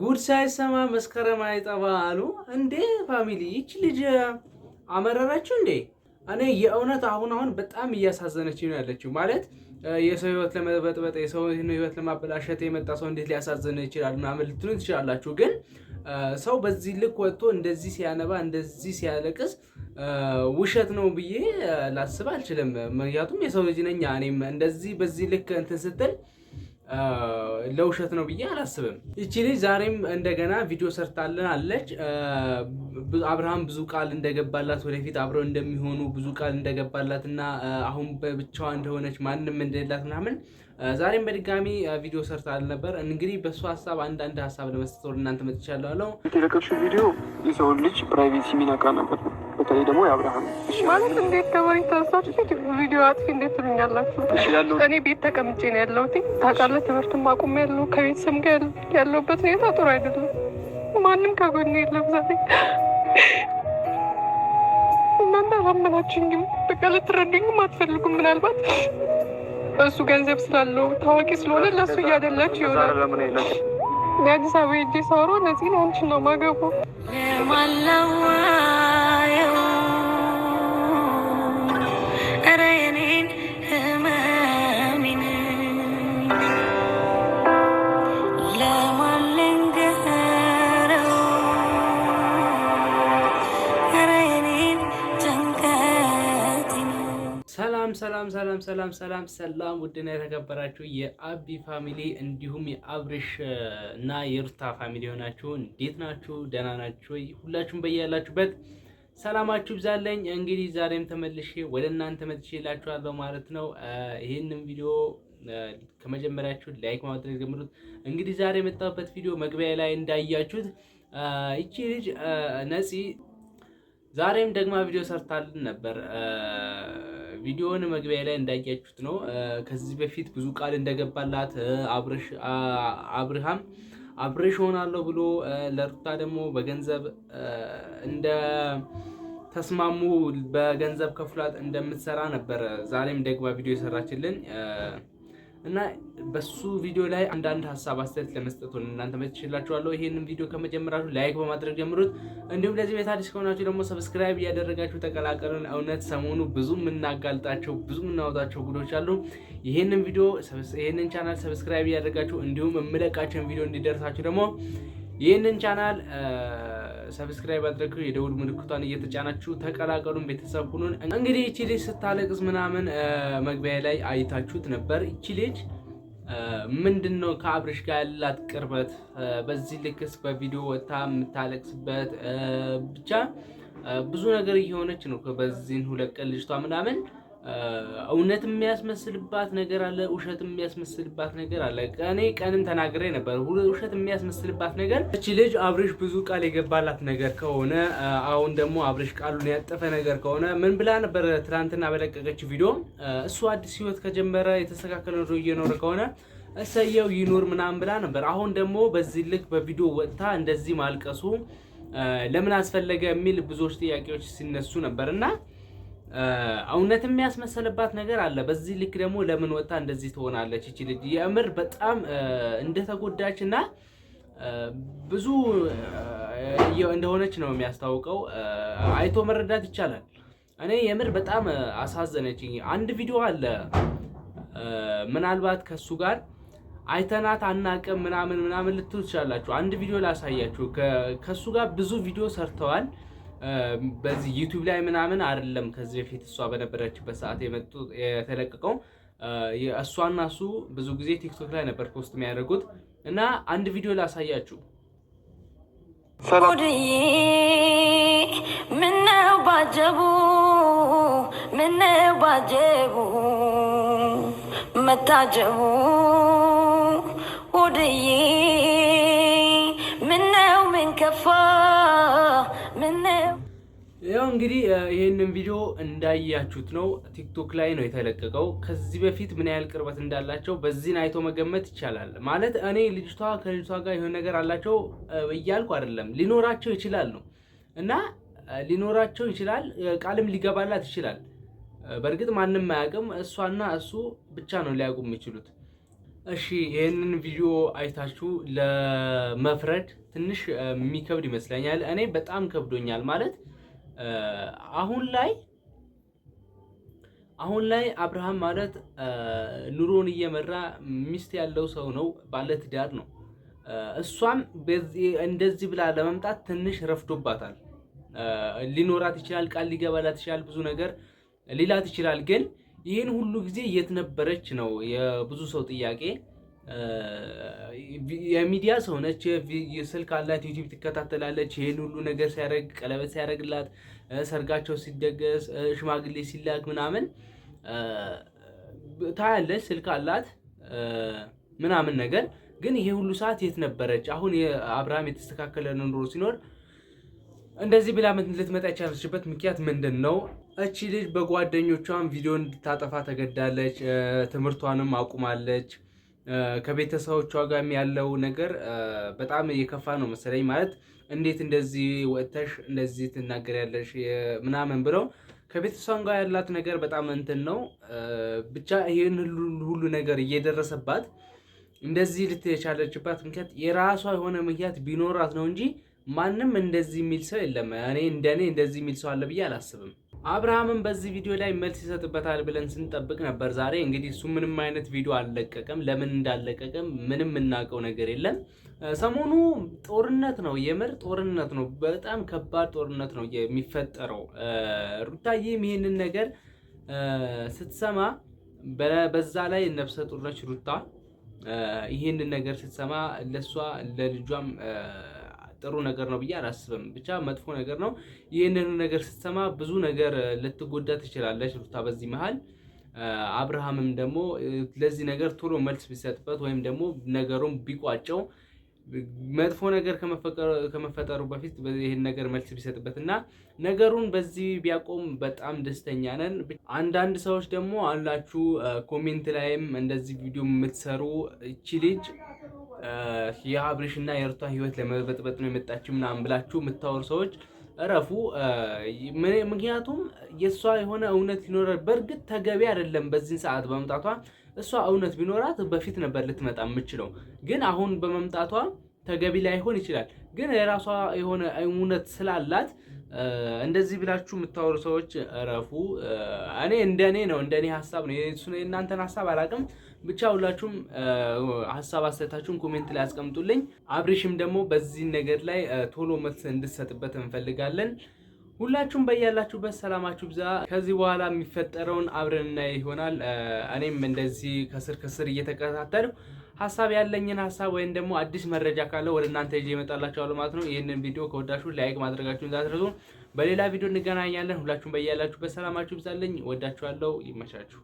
ጉድ ሳይሰማ መስከረም አይጠባ አሉ እንዴ ፋሚሊ፣ ይች ልጅ አመረረችው እንዴ? እኔ የእውነት አሁን አሁን በጣም እያሳዘነች ነው ያለችው። ማለት የሰው ህይወት ለመበጥበጥ የሰው ህይወት ለማበላሸት የመጣ ሰው እንዴት ሊያሳዝን ይችላል ምናምን ልትሉ ትችላላችሁ። ግን ሰው በዚህ ልክ ወጥቶ እንደዚህ ሲያነባ እንደዚህ ሲያለቅስ ውሸት ነው ብዬ ላስብ አልችልም። ምክንያቱም የሰው ልጅ ነኝ እኔም እንደዚህ በዚህ ልክ እንትን ስትል ለውሸት ነው ብዬ አላስብም። እቺ ልጅ ዛሬም እንደገና ቪዲዮ ሰርታለን አለች። አብርሃም ብዙ ቃል እንደገባላት ወደፊት አብረው እንደሚሆኑ ብዙ ቃል እንደገባላት እና አሁን በብቻዋ እንደሆነች ማንም እንደሌላት ምናምን ዛሬም በድጋሚ ቪዲዮ ሰርታል ነበር። እንግዲህ በእሱ ሀሳብ አንዳንድ ሀሳብ ለመስጠት ወደ እናንተ መጥቻለሁ። አለው ቪዲዮ የሰውን ልጅ ፕራይቬሲ የሚነካ ነበር በተለይ ደግሞ የአብርሃም ማለት እንዴት ከመሬት ተነሳች ቪዲዮ አጥፊ እንዴት ትሉኛላችሁ? እኔ ቤት ተቀምጬ ነው ያለሁት። ታውቃለህ፣ ትምህርትም አቁሜ ያለው ከቤተሰብ ጋር ያለሁበት ሁኔታ ጥሩ አይደለም። ማንም ከጎኔ የለም። ዛሬ እናንተ አላመናችሁኝም። በቃ ልትረዱኝም አትፈልጉም። ምናልባት እሱ ገንዘብ ስላለው ታዋቂ ስለሆነ ለእሱ እያደላችሁ ይሆናል። የአዲስ አበባ ሄጄ ሳወራው እነዚህን አንቺን ነው ማገቡ ሰላም ሰላም ሰላም ሰላም ሰላም ውድና የተከበራችሁ የአቢ ፋሚሊ እንዲሁም የአብርሽ እና የሩታ ፋሚሊ የሆናችሁ እንዴት ናችሁ? ደህና ናችሁ? ሁላችሁም በያላችሁበት ሰላማችሁ ብዛለኝ። እንግዲህ ዛሬም ተመልሼ ወደ እናንተ መጥቼ ላችኋለሁ ማለት ነው። ይህንም ቪዲዮ ከመጀመሪያችሁ ላይክ ማድረግ ጀምሩት። እንግዲህ ዛሬ የመጣሁበት ቪዲዮ መግቢያ ላይ እንዳያችሁት ይቺ ልጅ ነፂ ዛሬም ደግማ ቪዲዮ ሰርታልን ነበር ቪዲዮውን መግቢያ ላይ እንዳያችሁት ነው። ከዚህ በፊት ብዙ ቃል እንደገባላት አብርሃም አብሬሽ ሆናለሁ ብሎ ለሩታ ደግሞ በገንዘብ እንደ ተስማሙ በገንዘብ ከፍሏት እንደምትሰራ ነበረ። ዛሬም ደግባ ቪዲዮ የሰራችልን እና በሱ ቪዲዮ ላይ አንዳንድ ሀሳብ አስተያየት ለመስጠት እናንተ መችላችኋለሁ። ይህንን ቪዲዮ ከመጀመራችሁ ላይክ በማድረግ ጀምሩት። እንዲሁም ለዚህ ቤት አዲስ ከሆናችሁ ደግሞ ሰብስክራይብ እያደረጋችሁ ተቀላቀልን። እውነት ሰሞኑ ብዙ የምናጋልጣቸው ብዙ የምናወጣቸው ጉዶች አሉ። ይህንን ቪዲዮ ይህንን ቻናል ሰብስክራይብ እያደረጋችሁ እንዲሁም የምለቃቸውን ቪዲዮ እንዲደርሳችሁ ደግሞ ይህንን ቻናል ሰብስክራይብ አድርገው የደውል ምልክቷን እየተጫናችሁ ተቀላቀሉን። ቤተሰብ ሁኑን። እንግዲህ እቺ ልጅ ስታለቅስ ምናምን መግቢያ ላይ አይታችሁት ነበር። እቺ ልጅ ምንድን ነው ከአብርሽ ጋር ያላት ቅርበት በዚህ ልክስ በቪዲዮ ወጥታ የምታለቅስበት ብቻ ብዙ ነገር እየሆነች ነው። በዚህን ሁለት ቀን ልጅቷ ምናምን እውነት የሚያስመስልባት ነገር አለ፣ ውሸት የሚያስመስልባት ነገር አለ። እኔ ቀንም ተናግሬ ነበር፣ ውሸት የሚያስመስልባት ነገር እቺ ልጅ አብርሽ ብዙ ቃል የገባላት ነገር ከሆነ አሁን ደግሞ አብርሽ ቃሉን ያጠፈ ነገር ከሆነ ምን ብላ ነበር ትናንትና በለቀቀች ቪዲዮ? እሱ አዲስ ህይወት ከጀመረ የተስተካከለ ኑሮ እየኖረ ከሆነ እሰየው ይኖር ምናምን ብላ ነበር። አሁን ደግሞ በዚህ ልክ በቪዲዮ ወጥታ እንደዚህ ማልቀሱ ለምን አስፈለገ የሚል ብዙዎች ጥያቄዎች ሲነሱ ነበር እና እውነትም የሚያስመሰልባት ነገር አለ። በዚህ ልክ ደግሞ ለምን ወጣ እንደዚህ ትሆናለች ይቺ ልጅ የምር በጣም እንደተጎዳች እና ብዙ እንደሆነች ነው የሚያስታውቀው። አይቶ መረዳት ይቻላል። እኔ የምር በጣም አሳዘነች አንድ ቪዲዮ አለ ምናልባት ከሱ ጋር አይተናት አናቅም ምናምን ምናምን ልትሉ ትችላላችሁ። አንድ ቪዲዮ ላሳያችሁ። ከሱ ጋር ብዙ ቪዲዮ ሰርተዋል። በዚህ ዩቲዩብ ላይ ምናምን አይደለም። ከዚህ በፊት እሷ በነበረችበት ሰዓት የመጡ የተለቀቀው እሷና እሱ ብዙ ጊዜ ቲክቶክ ላይ ነበር ፖስት የሚያደርጉት እና አንድ ቪዲዮ ላሳያችሁ። ምነው ባጀቡ ምነው ባጀቡ መታጀቡ ሆድዬ ምነው ምን ከፋ ያው እንግዲህ ይህንን ቪዲዮ እንዳያችሁት ነው፣ ቲክቶክ ላይ ነው የተለቀቀው። ከዚህ በፊት ምን ያህል ቅርበት እንዳላቸው በዚህን አይቶ መገመት ይቻላል። ማለት እኔ ልጅቷ ከልጅቷ ጋር የሆነ ነገር አላቸው እያልኩ አይደለም፣ ሊኖራቸው ይችላል ነው እና ሊኖራቸው ይችላል፣ ቃልም ሊገባላት ይችላል። በእርግጥ ማንም አያውቅም። እሷና እሱ ብቻ ነው ሊያውቁ የሚችሉት። እሺ ይህንን ቪዲዮ አይታችሁ ለመፍረድ ትንሽ የሚከብድ ይመስለኛል። እኔ በጣም ከብዶኛል ማለት አሁን ላይ አሁን ላይ አብርሃም ማለት ኑሮን እየመራ ሚስት ያለው ሰው ነው፣ ባለትዳር ነው። እሷም እንደዚህ ብላ ለመምጣት ትንሽ ረፍዶባታል። ሊኖራት ይችላል፣ ቃል ሊገባላት ይችላል፣ ብዙ ነገር ሊላት ይችላል። ግን ይህን ሁሉ ጊዜ የት ነበረች ነው የብዙ ሰው ጥያቄ። የሚዲያ ሰው ነች። ስልክ አላት፣ ዩቲዩብ ትከታተላለች። ይህን ሁሉ ነገር ሲያደርግ ቀለበት ሲያደርግላት፣ ሰርጋቸው ሲደገስ፣ ሽማግሌ ሲላክ ምናምን ታያለች። ስልክ አላት ምናምን ነገር ግን ይሄ ሁሉ ሰዓት የት ነበረች? አሁን አብርሃም የተስተካከለ ኑሮ ሲኖር እንደዚህ ብላ ልትመጣ የቻለችበት ምክንያት ምንድን ነው? እቺ ልጅ በጓደኞቿም ቪዲዮ እንድታጠፋ ተገዳለች። ትምህርቷንም አቁማለች። ከቤተሰቦቿ ጋር ያለው ነገር በጣም የከፋ ነው መሰለኝ። ማለት እንዴት እንደዚህ ወጥተሽ እንደዚህ ትናገሪያለሽ ምናምን ብለው ከቤተሰቧም ጋር ያላት ነገር በጣም እንትን ነው። ብቻ ይህን ሁሉ ነገር እየደረሰባት እንደዚህ ልትቻለችባት ምክንያት የራሷ የሆነ ምክንያት ቢኖራት ነው እንጂ ማንም እንደዚህ የሚል ሰው የለም። እኔ እንደኔ እንደዚህ የሚል ሰው አለ ብዬ አላስብም። አብርሃምን በዚህ ቪዲዮ ላይ መልስ ይሰጥበታል ብለን ስንጠብቅ ነበር። ዛሬ እንግዲህ እሱ ምንም አይነት ቪዲዮ አልለቀቀም። ለምን እንዳልለቀቀም ምንም የምናውቀው ነገር የለም። ሰሞኑ ጦርነት ነው፣ የምር ጦርነት ነው። በጣም ከባድ ጦርነት ነው የሚፈጠረው። ሩታዬም ይህንን ነገር ስትሰማ በዛ ላይ ነፍሰ ጡር ነች ሩታ። ይህንን ነገር ስትሰማ ለእሷ ለልጇም ጥሩ ነገር ነው ብዬ አላስብም። ብቻ መጥፎ ነገር ነው። ይህንን ነገር ስትሰማ ብዙ ነገር ልትጎዳ ትችላለች ሩታ። በዚህ መሀል አብርሃምም ደግሞ ለዚህ ነገር ቶሎ መልስ ቢሰጥበት ወይም ደግሞ ነገሩን ቢቋጨው መጥፎ ነገር ከመፈጠሩ በፊት ይህን ነገር መልስ ቢሰጥበት እና ነገሩን በዚህ ቢያቆም በጣም ደስተኛ ነን። አንዳንድ ሰዎች ደግሞ አላችሁ ኮሜንት ላይም እንደዚህ ቪዲዮ የምትሰሩ እቺ ልጅ እና የእርቷ ህይወት ለመበጥበጥ ነው የመጣችው ምናምን ብላችሁ የምታወሩ ሰዎች እረፉ። ምክንያቱም የእሷ የሆነ እውነት ይኖራል። በእርግጥ ተገቢ አይደለም በዚህን ሰዓት በመምጣቷ። እሷ እውነት ቢኖራት በፊት ነበር ልትመጣ የምችለው፣ ግን አሁን በመምጣቷ ተገቢ ላይሆን ይችላል። ግን የራሷ የሆነ እውነት ስላላት እንደዚህ ብላችሁ የምታወሩ ሰዎች እረፉ። እኔ እንደኔ ነው እንደኔ ሀሳብ ነው። የእናንተን ሀሳብ አላውቅም። ብቻ ሁላችሁም ሀሳብ አስተያየታችሁን ኮሜንት ላይ አስቀምጡልኝ። አብሬሽም ደግሞ በዚህ ነገር ላይ ቶሎ መልስ እንድሰጥበት እንፈልጋለን። ሁላችሁም በያላችሁበት ሰላማችሁ ብዛ። ከዚህ በኋላ የሚፈጠረውን አብረን እናይ ይሆናል። እኔም እንደዚህ ከስር ከስር እየተከታተልኩ ሀሳብ ያለኝን ሀሳብ ወይም ደግሞ አዲስ መረጃ ካለ ወደ እናንተ ይዤ እመጣላችኋለሁ ማለት ነው። ይህንን ቪዲዮ ከወዳችሁ ላይክ ማድረጋችሁን እንዳትረሱ። በሌላ ቪዲዮ እንገናኛለን። ሁላችሁም በያላችሁ በሰላማችሁ ይብዛልኝ። ወዳችኋለሁ። ይመቻችሁ።